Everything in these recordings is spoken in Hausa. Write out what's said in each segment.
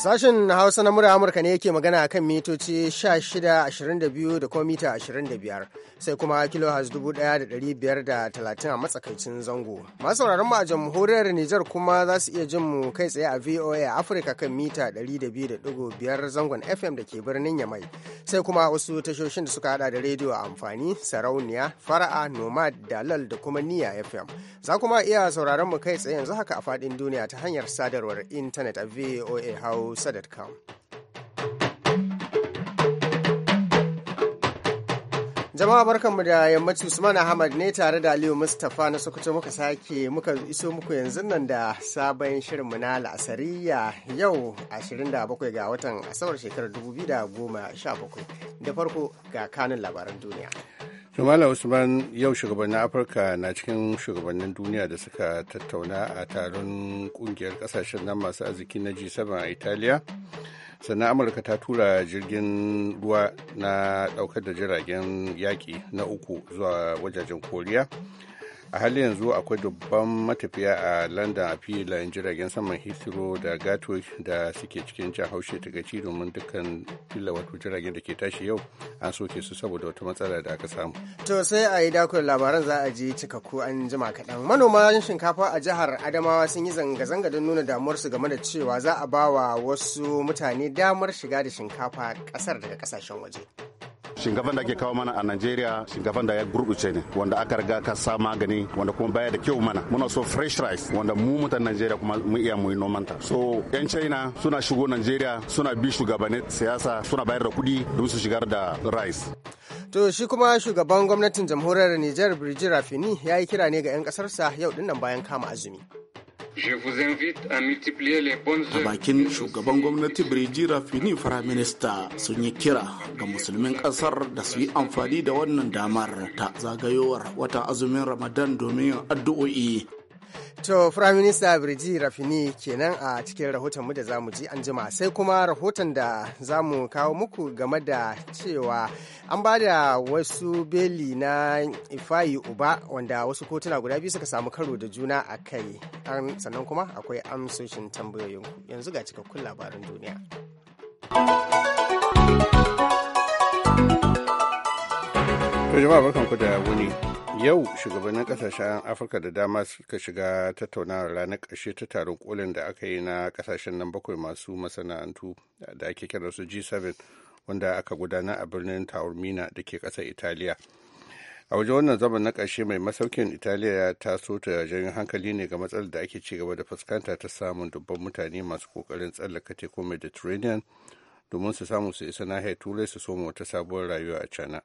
Sashen Hausa na murya Amurka ne yake magana a kan mitoci 1622 da kuma mita 25 sai kuma kilohaz 1530 a matsakaicin zango. Masu mu a jamhuriyar Nijar kuma za su iya jin mu kai tsaye a VOA Africa kan mita 200.5 zangon FM da ke birnin Yamai. Sai kuma wasu tashoshin da suka hada da rediyo amfani, sarauniya, fara'a, nomad, dalal da kuma niya FM. Za kuma iya sauraron mu kai tsaye yanzu haka a faɗin duniya ta hanyar sadarwar intanet a VOA hau. hausa.com. jama'a barkanmu da yammaci usman ahmad ne tare da aliyu mustapha na sokoto muka sake muka iso muku yanzu nan da sabon shirinmu na la'asariya yau 27 ga watan asabar shekarar 2017 da farko ga kanun labaran duniya Malam Usman yau shugabannin Afirka na cikin shugabannin duniya da suka tattauna a taron kungiyar kasashen nan masu arziki na G7 a Italiya. Sannan Amurka ta tura jirgin ruwa na daukar da jiragen yaƙi na uku zuwa wajajen Koriya. a halin yanzu akwai dubban matafiya a london a filayen jiragen saman heathrow da gatwick da suke cikin jan haushe ta gaci domin dukkan fila wato jiragen da ke tashi yau an soke su saboda wata matsala da aka samu to sai a yi dakon labaran za a je cikakku an jima kaɗan manoman shinkafa a jihar adamawa sun yi zanga-zanga don nuna damuwarsu game da cewa za a ba wa wasu mutane damar shiga da shinkafa ƙasar daga kasashen waje shinkafan da ake kawo mana a Najeriya shinkafan da ya gurbuce ne wanda aka riga ka sa magani wanda kuma baya da kyau mana muna so fresh rice wanda mu mutan Najeriya kuma mu iya mu noman ta so yan China suna shigo Najeriya suna bi shugabannin siyasa suna bayar da kuɗi don su shigar da rice To shi kuma shugaban gwamnatin jamhuriyar Nijar Birji Rafini ya yi kira ne ga 'yan ƙasarsa yau dinnan bayan kama azumi. A bakin shugaban gwamnati Birjira Fini Firaminista sun yi kira ga musulmin ƙasar da su yi amfani da wannan damar ta zagayowar wata azumin Ramadan domin addu'o'i To, Prime Minister Birji Rafini kenan a cikin rahoton mu da zamu mu ji an jima sai kuma rahoton da zamu kawo muku game da cewa an ba da wasu beli na ifayi uba wanda wasu kotuna guda biyu suka samu karo da juna a kai sannan kuma akwai amsoshin tambayoyin yanzu ga cikakkun labarin duniya. To jama'a ku da wuni. yau shugabannin kasashen afirka da dama suka shiga tattaunawar ranar karshe ta taron kolin da aka yi na kasashen nan bakwai masu masana'antu da ake kira su g7 wanda aka gudana a birnin taormina da ke kasar italiya a wajen wannan zaman na karshe mai masaukin italiya ya taso ta jirgin hankali ne ga matsalar da ake ci gaba da fuskanta ta samun dubban mutane masu kokarin tsallaka teku mediterranean domin su samu su isa nahiyar turai su soma wata sabuwar rayuwa a cana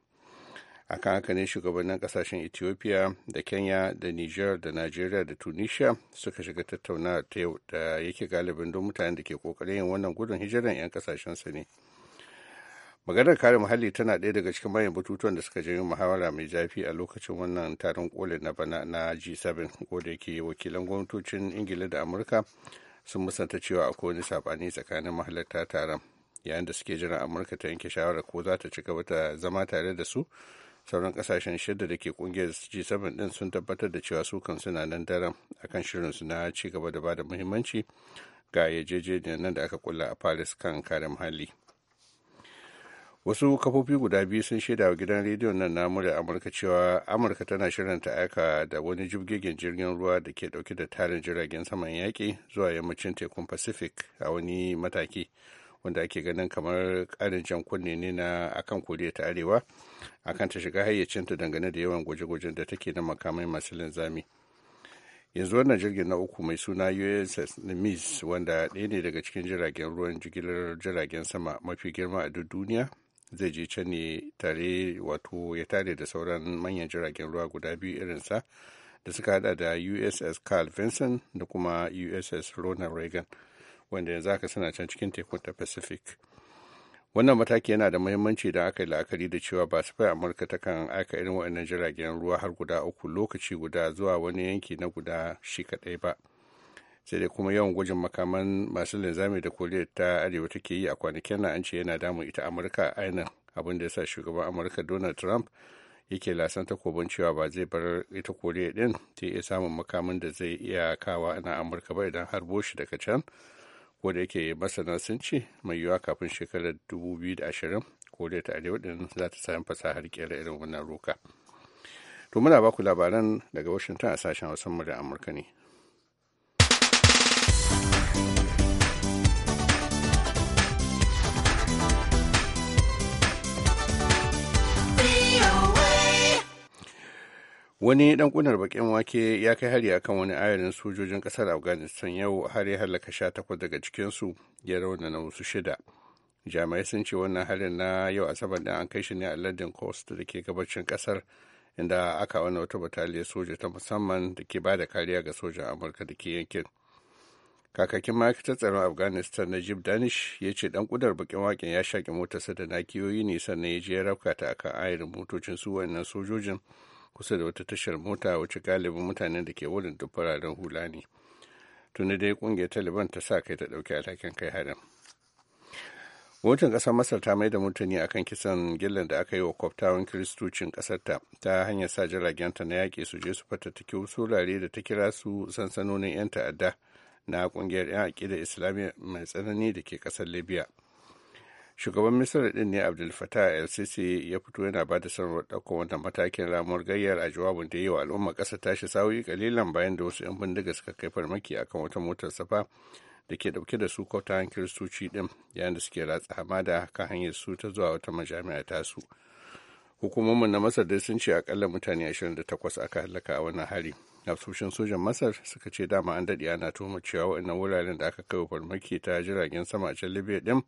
akan haka ne shugabannin kasashen ethiopia da kenya da niger da nigeria da tunisia suka shiga tattauna ta yau da yake galibin don mutane da ke kokarin yin wannan gudun hijiran 'yan kasashen kasashensa ne maganar kare muhalli tana ɗaya daga cikin manyan batutuwan da suka janyo muhawara mai zafi a lokacin wannan taron kolin na bana na g7 da yake wakilan gwamnatocin ingila da amurka sun musanta cewa akwai wani saɓani tsakanin mahalarta taron yayin da suke jiran amurka ta yanke shawara ko za ta ci gaba ta zama tare da su sauran kasashen shida da ke kungiyar g7 din sun tabbatar da cewa su kan suna nan daren akan shirinsu na ci gaba da bada muhimmanci ga yajejeniyar nan da aka kulla a paris kan kare muhalli wasu kafofi guda biyu sun shaida wa gidan rediyon nan na murya amurka cewa amurka tana shirin ta aika da wani jirgin jirgin ruwa da ke dauke da tarin jiragen saman yaki zuwa yammacin tekun pacific a wani mataki wanda ake ganin kamar karin jan kunne ne na akan koriya ta arewa akan ta shiga hayyacinta dangane da yawan gwaje-gwajen da take na makamai masu linzami yanzu wannan jirgin na uku mai suna uss nimitz wanda ɗaya ne daga cikin jiragen ruwan jigilar jiragen sama mafi girma a duk duniya zai je can ne tare wato ya tare da sauran manyan jiragen ruwa guda biyu irinsa da suka hada da uss carl vinson da kuma uss ronald reagan wanda yanzu haka suna can cikin tekun ta pacific wannan mataki yana da muhimmanci da aka yi la'akari da cewa ba sufai amurka ta kan aika irin waɗannan jiragen ruwa har guda uku lokaci guda zuwa wani yanki na guda shi kaɗai ba sai dai kuma yawan gwajin makaman masu linzami da koriya ta arewa take yi a kwanakin nan an ce yana damun ita amurka ainihin abin da ya sa shugaban amurka donald trump yake lasan takobin cewa ba zai bar ita koriya din ta iya samun makamin da zai iya kawa na amurka ba idan har boshi daga can ko da yake masana sun ce mai yiwuwa kafin shekarar 2020 da ta arewa din za ta sami fasahar kera irin wannan roka to muna baku labaran daga washinton a sashen wasan da amurka ne wani dan kunar bakin wake ya kai hari akan wani ayarin sojojin kasar afghanistan yau har ya halaka sha takwas daga cikinsu ya rauna na wasu shida jami'ai sun ce wannan harin na yau asabar da an kai shi ne a lardin coast da ke gabacin kasar inda aka wani wata bataliya soja ta musamman da ke ba da kariya ga sojan amurka da ke yankin kakakin ma'aikatar tsaron afghanistan najib danish ya ce dan kudar bakin waken ya shaƙi motarsa da nakiyoyi ne sannan ya je ya rafka ta akan ayarin motocin su wannan sojojin kusa da wata tashar mota wacce galibin mutanen da ke wurin duk fararen hula ne tuni dai kungiyar taliban ta sa kai ta ɗauki alhakin kai harin Gwamnatin ƙasar Masar ta mai da mutane akan kisan gillan da aka yi wa kwaftawan kiristocin ƙasarta ta ta hanyar sa jiragen ta na yaƙi su je su fatattaki wasu wurare da ta kira su sansanonin 'yan ta'adda na ƙungiyar 'yan aƙida Islamiyya mai tsanani da ke ƙasar Libya. shugaban misira din ne abdul fatah el sisi ya fito yana ba da sanarwar ɗaukar wannan matakin ramuwar gayyar a jawabin da yi wa al'umma ƙasa tashi sauyi kalilan bayan da wasu 'yan bindiga suka kai farmaki akan wata motar safa da ke ɗauke da su kwautawan kiristoci din yayin da suke ratsa hamada kan hanyar su ta zuwa wata majami'a tasu hukumomin na masar dai sun ce akalla mutane 28 aka halaka a wannan hari hafsoshin sojan masar suka ce dama an daɗe ana tuhumar cewa waɗannan wuraren da aka kai farmaki ta jiragen sama a can libya din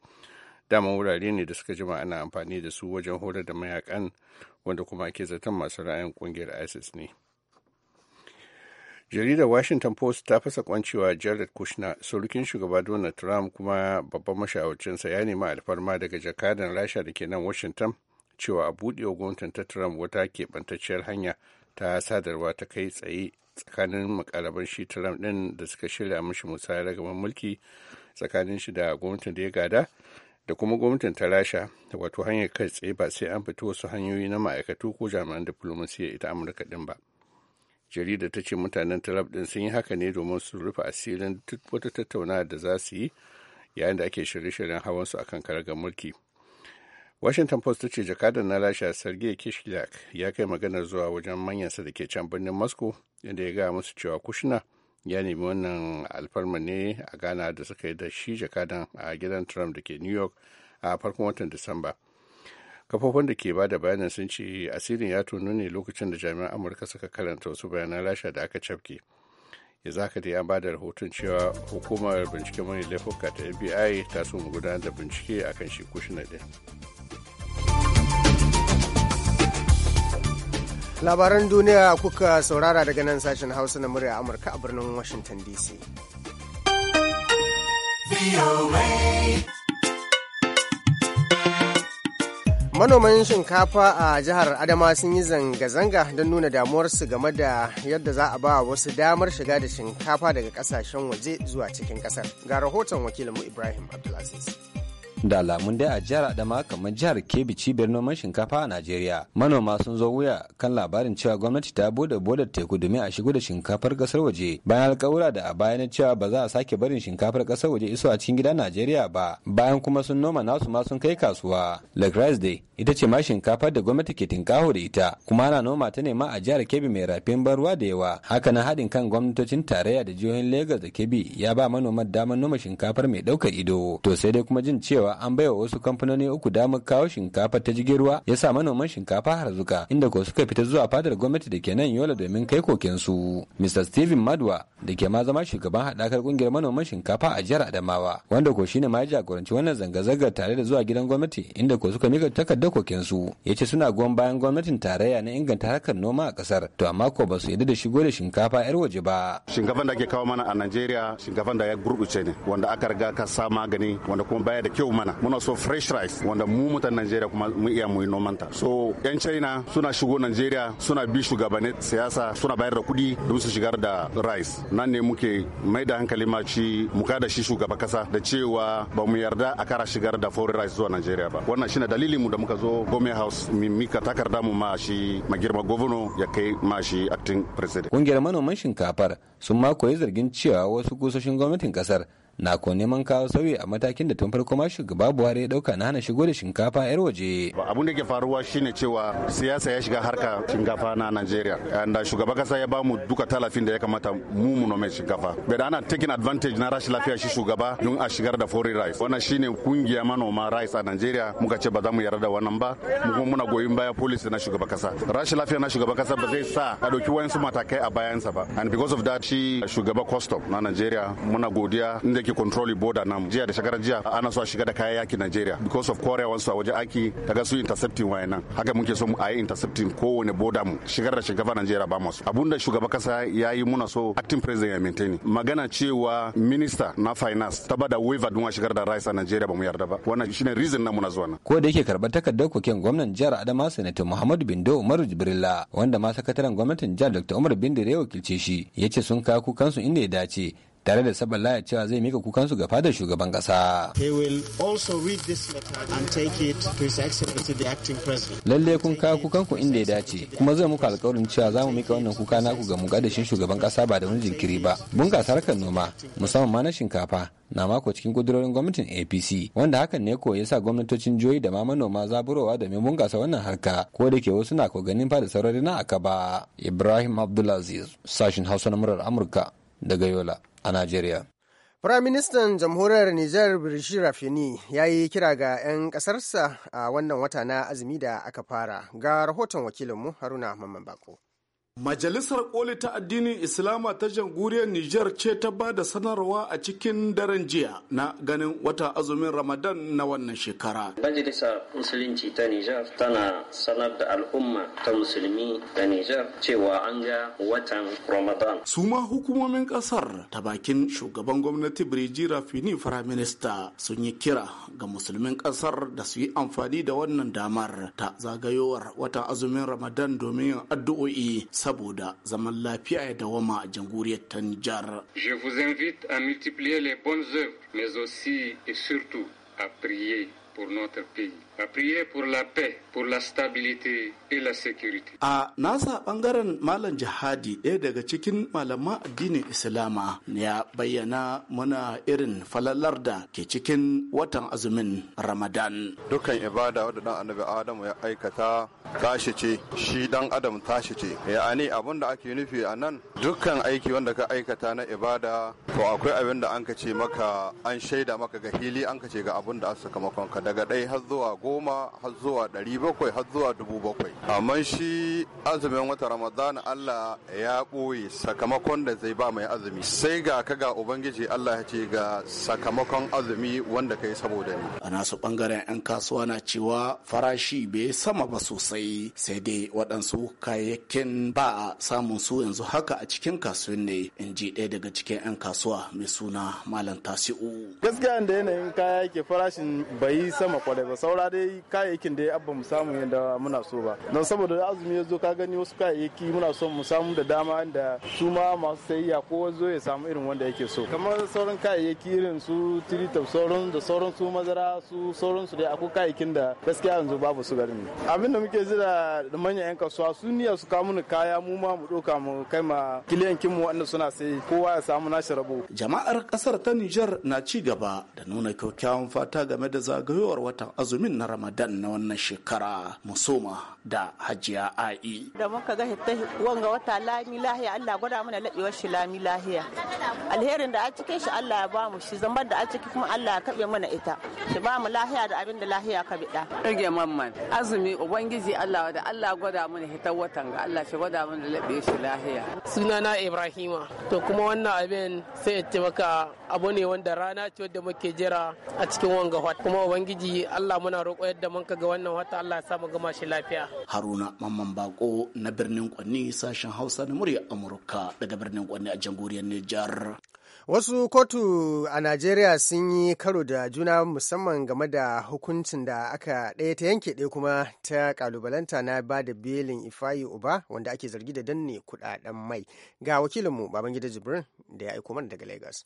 daman wurare ne da suka jima ana amfani da su wajen horar da mayakan wanda kuma ake zaton masu ra'ayin kungiyar isis ne jaridar washington post ta fasa kwancewa jared kushner surukin shugaba donald trump kuma babban mashawarcinsa ya nemi alfarma daga jakadan rasha da ke nan washington cewa a buɗewa gwamnatin ta trump wata keɓantacciyar hanya ta sadarwa ta kai tsaye tsakanin makalaban shi trump ɗin da suka shirya mishi musayar gaban mulki tsakanin shi da gwamnatin da ya gada da kuma gwamnatin ta rasha wato hanyar kai tsaye ba sai an fito wasu hanyoyi na ma'aikatu ko jami'an diflomasiyya ita amurka din ba jarida ta ce mutanen talab din sun yi haka ne domin su rufe asirin duk wata tattaunawa da za su yi yayin da ake shirye-shiryen hawan su akan karagar mulki washington post ta ce jakadar na rasha sergei kishilak ya kai maganar zuwa wajen manyansa da ke can birnin moscow inda ya gaya musu cewa kushina ya nemi wannan alfarma ne a ghana da suka yi da shi jakadan a gidan trump da ke new york a farkon watan disamba kafofin da ke bada bayanan sun ce asirin ya tunu ne lokacin da jami'an amurka suka karanta wasu bayanan rasha da aka cafke ya zaka da ya ba da rahoton cewa hukumar binciken mai laifuka ta fbi ta so mu gudanar da bincike akan shi kushina din labaran duniya kuka saurara daga nan sashen hausa na murya amurka a birnin washington dc manoman shinkafa a jihar adama sun yi zanga-zanga don nuna damuwarsu game da yadda za a ba wasu damar shiga da shinkafa daga kasashen waje zuwa cikin kasar ga rahoton wakilinmu ibrahim abdulaziz da alamun dai a jihar adama kamar jihar kebbi cibiyar noman shinkafa a najeriya manoma sun zo wuya kan labarin cewa gwamnati ta bude bude teku domin a shigo da shinkafar kasar waje bayan alkawura da a baya cewa ba za a sake barin shinkafar kasar waje iso a cikin gidan najeriya ba bayan kuma sun noma nasu ma sun kai kasuwa lagrise day ita ce ma shinkafar da gwamnati ke tinkaho da ita kuma ana noma ta ne ma a jihar kebbi mai rafin barwa da yawa haka na haɗin kan gwamnatocin tarayya da jihohin lagos da kebbi ya ba manoman damar noma shinkafar mai ɗaukar ido to sai dai kuma jin cewa cewa an baiwa wasu kamfanoni uku damar kawo shinkafa ta jirgin ruwa ya sa manoman shinkafa har zuka inda ko suka fita zuwa fadar gwamnati da ke nan yola domin kai kokensu. Mr. Steven Madwa da ke ma zama shugaban haɗakar ƙungiyar manoman shinkafa a jihar Adamawa wanda ko shine ma ya jagoranci wannan zanga-zangar tare da zuwa gidan gwamnati inda ko suka mika takardar kokensu ya ce suna goyon bayan gwamnatin tarayya na inganta harkar noma a ƙasar to amma ko ba su yarda da shigo da shinkafa 'yar waje ba. Shinkafan da ake kawo mana a Najeriya shinkafan da ya gurɓuce ne wanda aka riga ka sa magani wanda kuma baya da kyau mana muna so fresh rice wanda mu mutan Najeriya kuma mu iya mu noman nomanta so yan China suna shigo Najeriya suna bi shugabanni siyasa suna bayar da kuɗi don su shigar da rice nan ne muke mai da hankali ma ci muka da shi shugaba kasa da cewa ba mu yarda a kara shigar da foreign rice zuwa Najeriya ba wannan shine dalilin mu da muka zo Gome House mika takarda mu ma shi magirma governor ya kai ma shi acting president kungiyar manoman shinkafar sun ma koyi zargin cewa wasu kusoshin gwamnatin kasar na ko neman kawo sauyi a matakin da tun farko ma shugaba buhari ya dauka na hana shigo da shinkafa yar waje abun da ke faruwa shine cewa siyasa ya shiga harka shinkafa na nigeria da uh, shugaba kasa ya bamu duka talafin da ya kamata mu mu nome shinkafa da ana taking advantage na rashin lafiya shi shugaba don a shigar da foreign rice wannan shine kungiya manoma rice a nigeria muka ce ba za mu yarda da wannan ba mu kuma muna goyon baya policy na shugaba kasa rashin lafiya na shugaba kasa ba zai sa a dauki wayansu matakai a bayansa ba and because of that shi shugaba custom na nigeria muna godiya inda ake control border namu jiya da shekaran jiya ana so a shiga da kayan yaki Nigeria because of Korea wansu a waje aiki daga su intercepting wayannan haka muke so a yi intercepting kowane border mu shigar da shugaba Nigeria ba abun abunda shugaba kasa yayi muna so acting president ya maintain magana cewa minister na finance ta bada waiver don a shigar da rice a Nigeria ba mu yarda ba wannan shine reason na muna zuwa nan ko da yake karbar takardar koken gwamnan jihar Adama Sanata Muhammadu Bindo Umaru Jibrilla wanda ma sakataren gwamnatin jihar Dr. Umar Bindo ya wakilce shi yace sun kawo kansu inda ya dace tare da sabon laya cewa zai mika kukan su ga fadar shugaban kasa. Lalle kun kukan kukanku inda ya dace kuma zai muka alkawarin cewa za mu mika wannan kuka naku ga mugadashin shugaban kasa ba da wani jinkiri ba. Bunƙasa harkar noma musamman ma na shinkafa na mako cikin kudurorin gwamnatin APC wanda hakan ne ko sa gwamnatocin jihohi da ma manoma zaburowa da domin bunƙasa wannan harka ko da ke wasu na ko ganin fa da saurari na aka ba. Ibrahim Abdulaziz sashin Hausa na murar Amurka daga Yola. a Najeriya. Firaministan jamhuriyar Nijar Birishir Rafini ya yi kira ga 'yan ƙasarsa a wannan wata na azumi da aka fara ga rahoton wakilinmu Haruna Mamman Bako. Majalisar Koli ta addinin Islama ta jamhuriyar Nijar ce ta ba da sanarwa a cikin daren jiya na ganin wata azumin Ramadan na wannan shekara. Majalisar Musulunci ta Nijar tana sanar da al'umma ta musulmi da Nijar cewa an ga watan Ramadan. Su ma hukumomin kasar ta bakin shugaban gwamnati Birjira Fini Firaminista sun yi kira ga musulmin kasar da su yi amfani da wannan damar ta zagayowar watan azumin Ramadan domin addu'o'i Je vous invite à multiplier les bonnes œuvres, mais aussi et surtout à prier pour notre pays, à prier pour la paix, pour la stabilité ila security. A nasa bangaren Malam Jihadi ɗaya daga cikin malaman addinin Islama ya bayyana muna irin falalar da ke cikin watan azumin Ramadan. Dukkan ibada wadda dan annabi Adamu ya aikata tashi ce shi dan Adam tashi ce. Ya'ani abin da ake nufi a nan dukkan aiki wanda ka aikata na ibada to akwai abin da an ka ce maka an shaida maka ga hili an ka ce ga abin da aka sakamakon ka daga ɗaya har zuwa goma har zuwa ɗari bakwai har zuwa dubu bakwai. amma shi azumin wata ramadana allah ya ɓoye sakamakon da zai ba mai azumi sai ga ka ga ubangiji allah ya ce ga sakamakon azumi wanda ka yi saboda ni a nasu bangaren 'yan kasuwa na cewa farashi bai sama ba sosai sai dai waɗansu kayayyakin ba a samun su yanzu haka a cikin kasuwan ne in ji ɗaya daga cikin 'yan kasuwa mai suna malam tasi'u gaskiya da yanayin kaya yake farashin bai sama kwarai ba saura dai kayayyakin da ya abba mu samu yadda muna so ba don saboda da azumi ya zo ka gani wasu kayayyaki muna son mu samu da dama da su ma masu sayayya ko zo ya samu irin wanda yake so kamar sauran kayayyaki irin su tiritab sauran da sauran su mazara su sauran su dai akwai kayayyakin da gaskiya yanzu babu su garin abin da muke zira da manyan yan kasuwa su niyya su kawo mana kaya mu ma mu doka mu kai ma kiliyankin mu wanda suna sai kowa ya samu nashi rabo jama'ar kasar ta Nijar na ci gaba da nuna kyakkyawan fata game da zagayowar watan azumin na Ramadan na wannan shekara musoma da hajiya a'i da muka ga wanga wata lami lahiya allah gwada mana laɓewar shi lami lahiya alherin da a cikin shi allah ya ba mu shi zambar da a ciki kuma allah ya kaɓe mana ita shi ba mu lahiya da abin da lahiya ka biɗa rage mamman azumi ubangiji allah da allah gwada mana hitar watan ga allah shi gwada mana laɓewar shi lahiya sunana ibrahima to kuma wannan abin sai ya taimaka abu ne wanda rana ce wadda muke jira a cikin wanga wata kuma ubangiji allah muna roƙo yadda mun ga wannan wata allah ya samu gama shi lafiya haruna mamman bako na birnin kwanni sashen hausa na murya amurka daga birnin kwanni a jamhuriyar nijar wasu kotu a najeriya sun yi karo da juna musamman game da hukuncin da aka ɗaya ta yanke ɗaya kuma ta kalubalanta na ba da belin ifayi uba wanda ake zargi da danne kuɗaɗen mai ga wakilinmu babangida jibrin da ya aiko mana daga lagos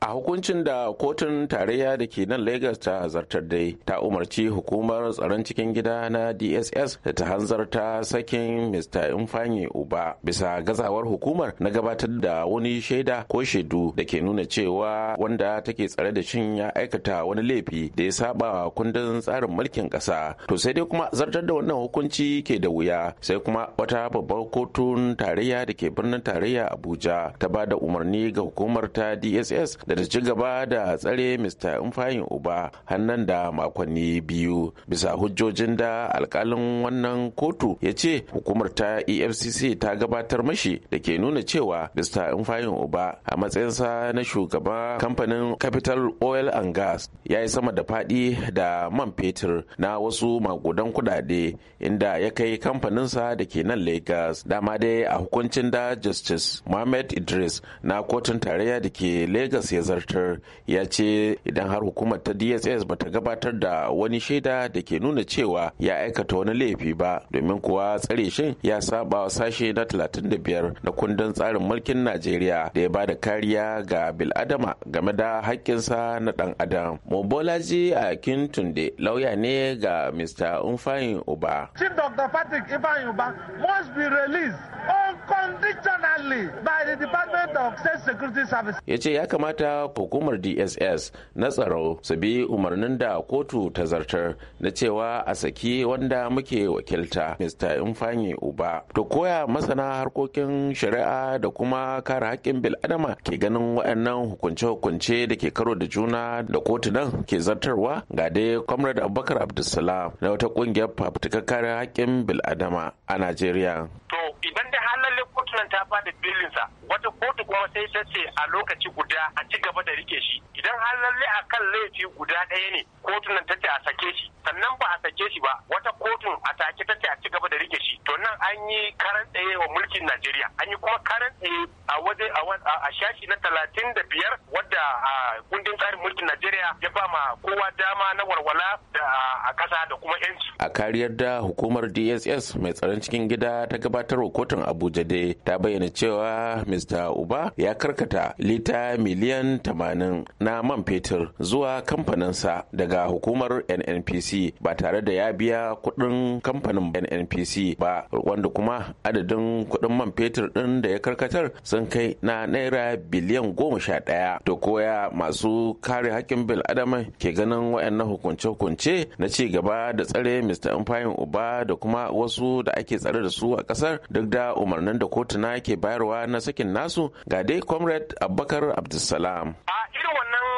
a hukuncin da kotun tarayya da ke nan lagos ta zartar dai ta umarci hukumar tsaron cikin gida na dss da ta hanzarta sakin mr infanye uba bisa gazawar hukumar na gabatar da wani shaida ko shaidu da ke nuna cewa wanda take tsare da shin ya aikata wani laifi da ya saba kundin tsarin mulkin kasa to sai dai kuma zartar da wannan hukunci ke da wuya sai kuma wata babbar kotun tarayya da ke birnin tarayya abuja ta ba da umarni ga hukumar ta dss da ta ci gaba da tsare mr umfayin uba hannan da makonni biyu bisa hujjojin da alkalin wannan kotu ya ce hukumar ta efcc ta gabatar mashi da ke nuna cewa mr umfayin uba a matsayinsa na shugaba, kamfanin capital oil and gas ya yi sama da faɗi da man fetur na wasu magudan kudade inda ya kai kamfaninsa da ke nan lagos dama dai a hukuncin da justice mohammed idris na kotun tarayya da ke lagos ya zartar ya ce idan har hukumar ta dss ba ta gabatar da wani shaida da ke nuna cewa ya aikata wani laifi ba domin kuwa tsare shin ya saba wa sashe na 35 na kundin tsarin mulkin najeriya da ya bada kariya ga biladama game da haƙƙinsa na dan adam mobolaji a kintunde lauya ne ga mr umfayin uba chief dr patrick ifayin uba must be released on condition badly by the Department of State Security Service. Ya ce ya kamata hukumar DSS na tsaro su bi umarnin da kotu ta zartar na cewa a saki wanda muke wakilta Mr. Infanyi Uba. To koya masana harkokin shari'a da kuma kare haƙƙin bil'adama ke ganin waɗannan hukunce-hukunce da ke karo da juna da kotunan ke zartarwa ga dai Comrade Abubakar Abdulsalam na wata ƙungiyar fafutukar kare haƙƙin bil'adama a Najeriya. To idan da halalin kotunan ta bada sa wata kotu kuma sai ta ce a lokaci guda a ci gaba da rike shi idan har lalle a kan laifi guda ɗaya ne kotun nan ta ce a sake shi sannan ba a sake shi ba wata kotun a take ta ce a ci gaba da rike shi to nan an yi karan tsaye wa mulkin Najeriya an yi kuma karan tsaye a waje a shashi na talatin da biyar wadda a kundin tsarin mulkin Najeriya ya ba ma kowa dama na walwala da a kasa da kuma yanci. A kariyar da hukumar DSS mai tsaron cikin gida ta gabatar wa kotun Abuja dai ta bayyana cewa mr uba ya karkata lita miliyan 80 na man fetur zuwa kamfaninsa daga hukumar nnpc ba tare da ya biya kudin kamfanin nnpc ba wanda kuma adadin kudin man fetur din da ya karkatar sun kai na naira biliyan goma sha daya to koya masu kare hakkin bil adama ke ganin wayannan hukunce-hukunce na ci gaba da tsare mr umfayin uba da kuma wasu da ake tsare da su a kasar duk da umarnin da kotuna ke bayarwa na sakin nasu ga dai comrade abubakar abdulsalam a irin wannan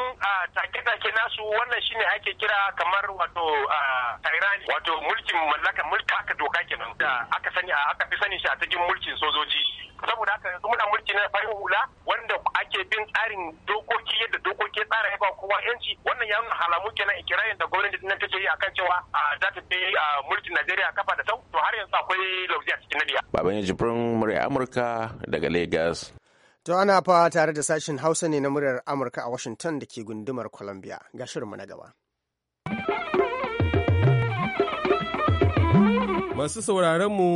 take-take nasu wannan shine ake kira kamar wato tairani wato mulkin mallaka mulka aka doka kenan da aka fi sani shi a cikin mulkin sojoji saboda haka yanzu muna mulki na farin hula wanda ake bin tsarin dokoki yadda dokoki tsara ya ba kowa yanci wannan ya nuna halamu kenan ikirarin da gwamnati din take yi akan cewa za ta bi mulkin Najeriya kafa da sau to har yanzu akwai lauzi a cikin nadiya. Baban ya jibrin murya Amurka daga Lagos. To ana fa tare da sashen Hausa ne na muryar Amurka a Washington da ke gundumar Columbia. Ga shirinmu na gaba. Masu sauraron mu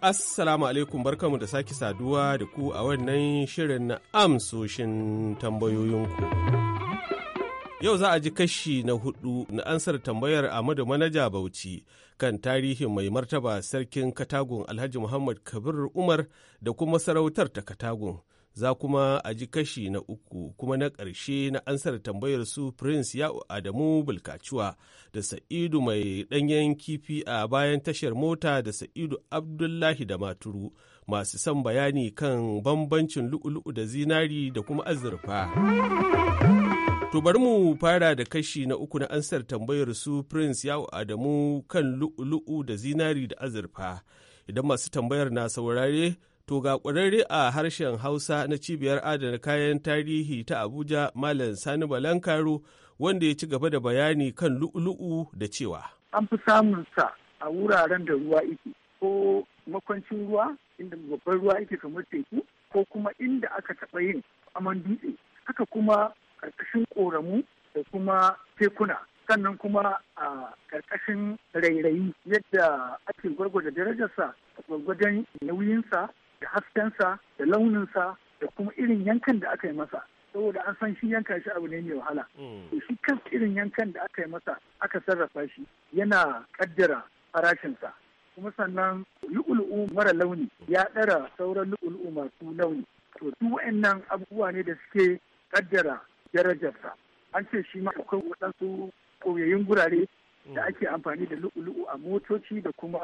Assalamu alaikum barkamu da sake saduwa da ku a wannan shirin na amsoshin tambayoyinku. Yau za a ji kashi na hudu na ansar tambayar ahmadu Manaja Bauchi kan tarihin mai martaba sarkin Katagun Alhaji Muhammad Kabir Umar da kuma sarautar ta Katagun. za kuma a ji kashi na uku kuma na ƙarshe na ansar tambayar su prince ya adamu bulkacuwa da sa'idu mai ɗanyen kifi a bayan tashar mota da sa'idu abdullahi da maturu masu son bayani kan bambancin lu'ulu'u da zinari da kuma azurfa to bari mu fara da kashi na uku na ansar tambayar su prince ya adamu kan lu'ulu'u da zinari da azurfa idan masu tambayar na saurare To ga ƙwararre a harshen Hausa na cibiyar adana kayan tarihi ta Abuja Malam Sani Balankaro wanda ya ci gaba da bayani kan lu'ulu'u da cewa. An fi samun sa a wuraren da ruwa yake ko makwancin ruwa inda babban ruwa yake kamar teku ko kuma inda aka taɓa yin aman dutse haka kuma ƙarƙashin ƙoramu da kuma tekuna sannan kuma a ƙarƙashin rairayi yadda ake gwargwada darajarsa gwargwadon nauyinsa da haskensa da launinsa da kuma irin yankan da aka yi masa saboda an san shi yanka shi abu ne mai wahala hmm. to shi kan irin yankan da aka yi masa aka sarrafa shi yana kaddara farashinsa kuma sannan lu'ulu'u mara launi ya ɗara sauran lu'ulu'u masu launi to duk wa'annan abubuwa ne da suke kaddara darajarsa an ce shi ma akwai waɗansu koyayyun gurare da hmm. ake amfani da lu'ulu'u a motoci da kuma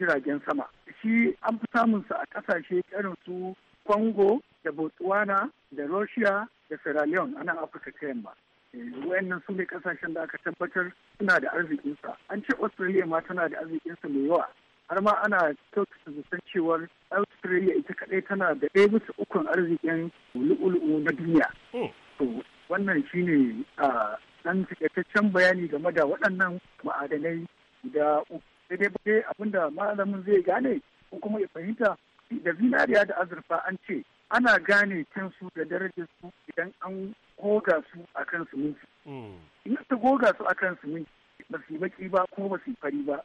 jiragen sama shi an fi samunsa a kasashe irin su congo da botswana da russia da sierra leone ana afirka ta yamma eh, wayannan su ne kasashen da aka tabbatar suna da arzikinsa an ce australia ma tana da arzikinsa mai yawa har ma ana kyautata zaton cewar australia ita kadai tana da ɗaya bisa ukun arzikin lu'ulu'u na duniya hmm. to wannan shine a ah, ɗan bayani game da waɗannan ma'adanai guda uku sai dai bude abinda malamin zai gane ko kuma ya fahimta da zinariya da azurfa an ce ana gane kansu da darajar su idan an goga su a kan siminti. Hmm. In ta goga su a kan siminti ba su baki ba ko ba su fari ba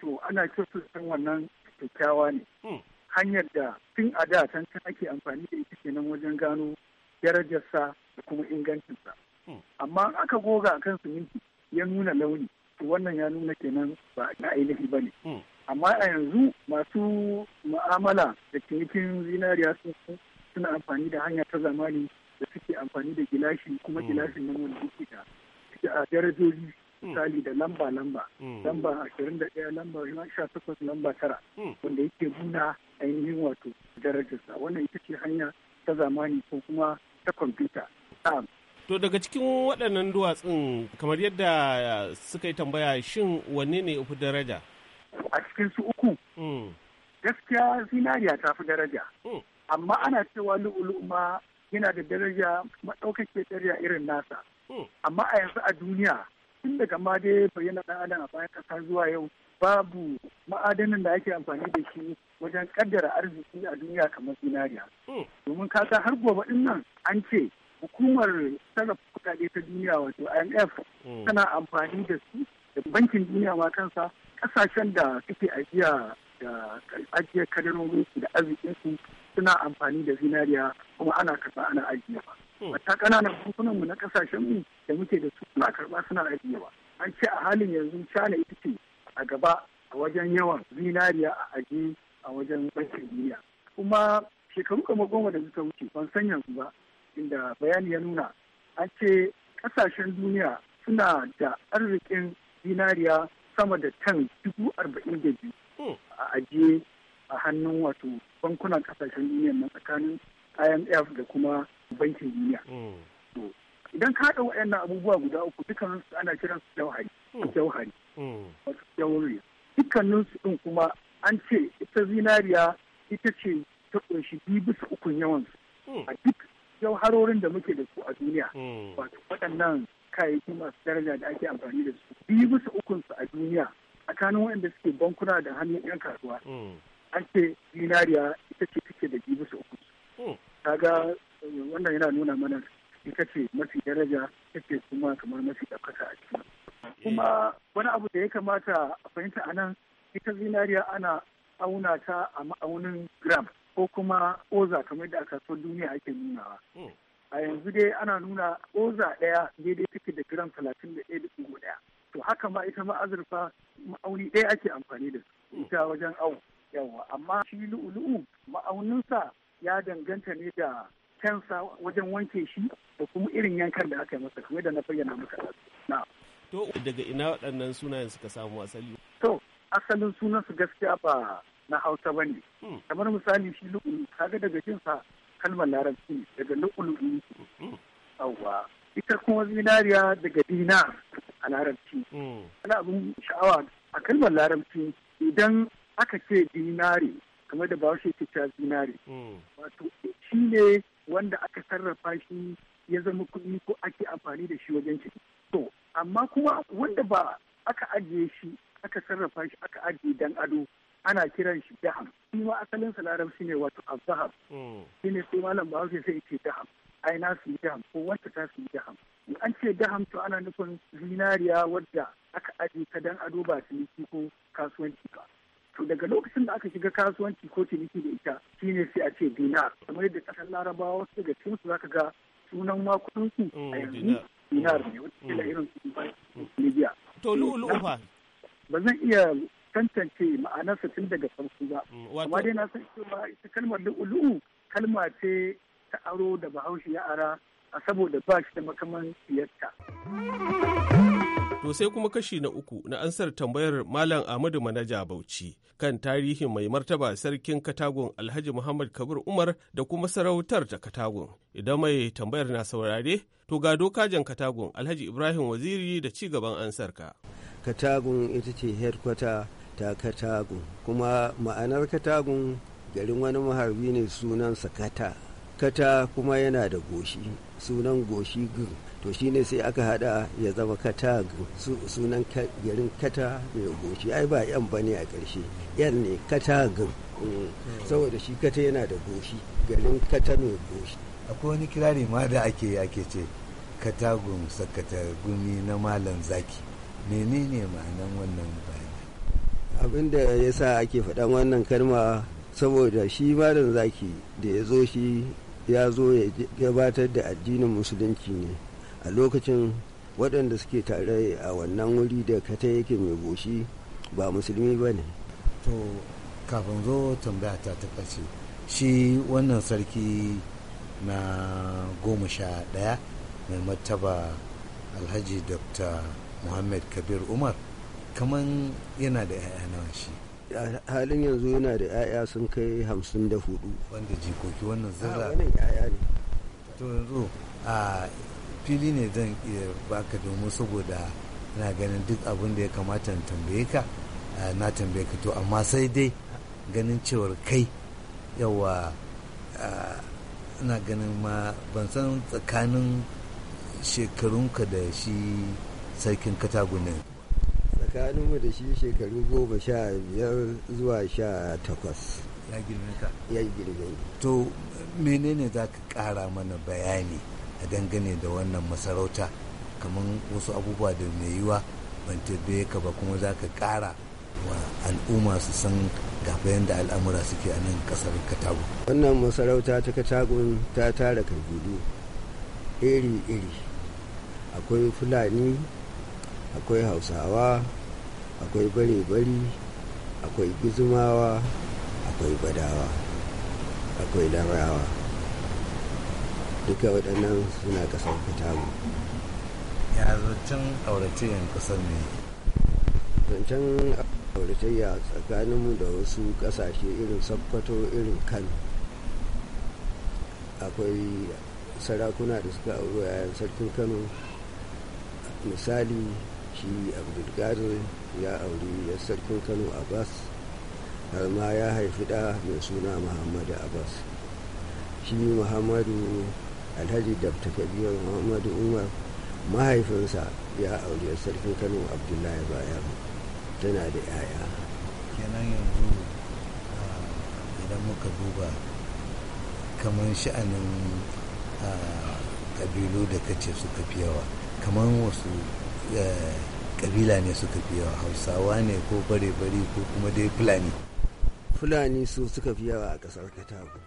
to ana su san wannan kyakkyawa ne. Hmm. Hanyar da tun a da can ake amfani da ita kenan wajen gano darajarsa da kuma ingancinsa. Hmm. Amma aka goga a kan siminti ya nuna launi to wannan ya nuna kenan ba na ainihi ba ne hmm. amma a yanzu masu mu'amala da cinikin zinariya suna amfani da hanya ta zamani da suke amfani da gilashi kuma hmm. gilashin nan wanda suke da suke a darajoji hmm. misali da lamba lamba lamba ashirin da ɗaya lamba sha takwas lamba tara wanda yake nuna ainihin wato darajarsa wannan ita ce hanya ta zamani ko kuma ta kwamfuta To daga cikin waɗannan duwatsun kamar yadda suka yi tambaya shin wanne ne fi daraja? A cikin su uku. Hmm. Gaskiya zinariya ta fi daraja. Hmm. Amma ana cewa lu'ulu ma yana da daraja maɗaukake daraja irin nasa. Hmm. Amma a yanzu a duniya tun daga ma dai bayyana ɗan adam a bayan ƙasa zuwa yau babu ma'adanin da ake amfani da shi wajen kaddara arziki a duniya kamar zinariya. Domin kasa har gobe ɗin nan an ce hukumar sarrafa kudade ta duniya wato imf hmm. tana amfani da su da bankin duniya ma kansa kasashen da suke ajiya da ajiyar kadarorin da arzikin su suna amfani da zinariya kuma ana karba ana ajiya ba wata hmm. kananan bankunan mu na kasashen mu da muke da su suna karba suna ajiya ba an ce a halin yanzu china ita ce a gaba a wajen yawan zinariya a ajiye a wajen bankin duniya kuma shekaru kamar goma da suka wuce ban san yanzu ba inda bayani ya nuna an ce kasashen duniya suna da arzikin zinariya sama da tan dubu arba'in da biyu hmm. a ajiye a hannun wato bankunan kasashen duniya na tsakanin imf da kuma bankin duniya hmm. idan ka haɗa waɗannan abubuwa guda uku dukkanin ana kiran su jauhari hmm. jauhari wasu jauhari dukkanin su ɗin kuma an ce ita zinariya ita ce ta ƙunshi biyu bisa ukun yawan a duk jauharorin da muke da su a duniya hmm. wato waɗannan kayayyaki masu daraja da ake amfani da su biyu bisa ukun su a duniya tsakanin waɗanda suke bankuna da hannun 'yan kasuwa hmm. an ce zinariya ita ce take da biyu bisa ukun su hmm. kaga eh, wannan yana nuna mana ita ce mafi daraja ita kuma kamar mafi ɗaukaka a cikin kuma wani abu da ya kamata a fahimta a ita zinariya ana auna ta a ma'aunin gram ko kuma oza kamar da aka so duniya ake nunawa hmm. a yanzu dai ana nuna oza ɗaya daidai take da gram talatin da ɗaya da ɗigo ɗaya to haka ma ita ma azurfa ma'auni ɗaya ake amfani da su hmm. ita wajen awo yawa amma shi lu'u-lu'u. lu'ulu'u ma'auninsa ya danganta ne da kansa wajen wanke shi da kuma irin yankan da aka yi masa kamar da na bayyana maka na to daga ina waɗannan sunayen suka samu asali to asalin sunan su gaskiya ba na hausa ba ne hmm. kamar misali shi lu'ulu kaga daga jinsa kalmar larabci ne daga lu'ulu hmm. yawwa ita kuma zinariya daga dina a larabci hmm. ana abin sha'awa a kalmar larabci idan aka ce dinari kamar da bahaushe ke cewa zinari wato shi ne wanda aka sarrafa shi ya zama kuɗi ko ake amfani da shi wajen ciki to amma kuma wanda ba aka ajiye shi aka sarrafa shi aka ajiye dan ado ana kiran shi daham shi ma asalinsa shi ne wato azhar hmm. shi ne sai malam bahaushe sai ce daham ai na su yi daham ko wacce ta su yi daham in an ce daham to ana nufin zinariya wadda aka aje ta dan ado ba ciniki ko kasuwanci ba to daga lokacin da aka shiga kasuwanci ko ciniki da ita ne sai a ce dinar kamar yadda kasar larabawa wasu daga cikin su zaka ga sunan ma kudin a hmm, yanzu dinar hmm. ne wata irin su libya to ba zan iya tantance ma'anarsa tun daga farko ba. Mm, Amma dai na san cewa ita kalmar lu'ulu'u kalma ce ta aro da bahaushe ya ara a saboda ba shi da makaman siyarta. To sai kuma kashi na uku na ansar tambayar Malam Ahmadu Manaja Bauchi kan tarihin mai martaba sarkin Katagun Alhaji Muhammad Kabir Umar da kuma sarautar ta Katagun. Idan mai tambayar na saurare, to ga dokajen Katagun Alhaji Ibrahim Waziri da ci gaban ansarka. Katagun ita ce headquarter ta katagun kuma ma'anar katagun garin wani maharbi ne sunansa kata kata kuma yana da goshi sunan goshi gun to shine sai aka hada ya zama kata sunan garin kata mai goshi ai ba yan bane a ƙarshe yan ne kata mm. saboda shi kata yana da goshi garin kata mai goshi akwai wani kirari ma da ake ake ce katagun sakata gumi na malam zaki menene ma'anan wannan abinda ya sa ake faɗan wannan kalma saboda shi malam zaki da ya zo shi ya zo ya gabatar da addinin musulunci ne a lokacin waɗanda suke tare a wannan wuri da kata yake mai goshi ba musulmi ba ne to kafin zo tambaya ta ta ƙarshe shi wannan sarki na goma sha ɗaya mai martaba alhaji dr muhammad kabir umar kaman yana da 'ya'ya nawa shi halin yanzu yana da 'ya'ya sun kai hamsin da hudu wanda jikoki wannan zirra wannan 'ya'ya ne to yanzu a fili ne zan iya baka domin saboda na ganin duk abin da ya kamata na tambaye ka na tambaye ka to amma sai dai ganin cewar kai yawa ina ganin ma ban san tsakanin shekarunka da shi sarkin katagunan tsakanin mu da shi shekaru goma sha biyar zuwa sha takwas ya girme ka ya girme to menene za ka kara mana bayani a dangane da wannan masarauta kamar wasu abubuwa da mai yiwa ban tabbe ka ba kuma za ka kara wa al'umma su san gafa yadda al'amura suke a nan kasar katago wannan masarauta ta katago ta tara kabilu iri-iri akwai fulani akwai hausawa akwai bare-bari akwai gizumawa akwai badawa akwai larawa duka waɗannan suna ƙasar katamu ya zancen auratayyar ƙasar ne zancen auratayya tsakaninmu da wasu ƙasashe irin sakkwato irin kan akwai sarakuna da suka auri yayin sarkin kano misali shi abdulkadir ya auri ya sarkin kano abbas har ma ya haifi da mai suna muhammadu abbas shi muhammadu alhaji dabta kabiyar muhammadu umar mahaifinsa ya auri sarkin kano abdullahi bayan tana da yaya kenan yanzu ah, idan muka duba kamar sha'anin kabilu ah, da kace suka fi yawa kamar wasu Eh, kabila ne suka fi yawa hausawa ne ko bare-bare ko kuma dai fulani fulani su suka fi yawa a kasar katago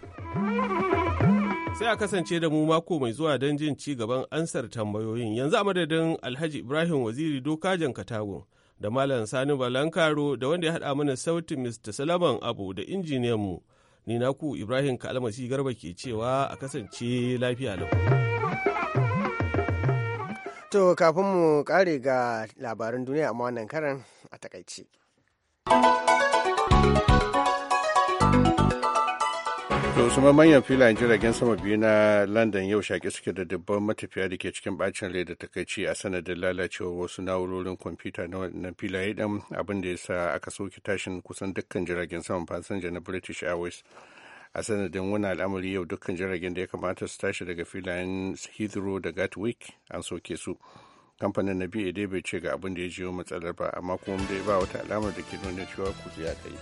sai a kasance da mu mako mai zuwa don jin ci gaban ansar tambayoyin yanzu a madadin alhaji ibrahim waziri dokajen katago da malam sani balankaro da wanda ya haɗa mana sautin mr salaman abu da injiniyanmu ni naku ibrahim kalmasi garba ke cewa a kasance lafiya lau To kafin mu kare ga labaran duniya amma wannan karan a takaice. ma manyan filayen jiragen sama biyu na london yau shaƙi suke da dubban matafiya da ke cikin bacin rai da takaici a sanadin lalacewar wasu na'urorin kwamfuta na wannan filaye ɗan abinda ya sa aka soke tashin kusan dukkan jiragen saman fasinja na british airways a sanadin wani al'amari yau dukkan jiragen da ya kamata su tashi daga filayen heathrow da gatwick an soke su kamfanin na biya dai bai ce ga abin da ya jiyo matsalar ba amma kuma bai ba wata alamar da ke nuna cewa ku ya kai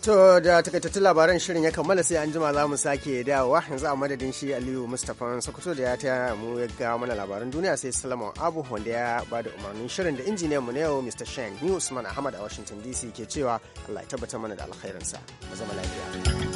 to da takaitattun labaran shirin ya kammala sai an jima za mu sake dawowa yanzu a madadin shi aliyu mustapha sokoto da ya taya mu ya ga mana labaran duniya sai salaman abu wanda ya ba da umarnin shirin da injiniyan mu na yau mr shan ni usman ahmad a washington dc ke cewa allah ya tabbata mana da alkhairinsa mu zama lafiya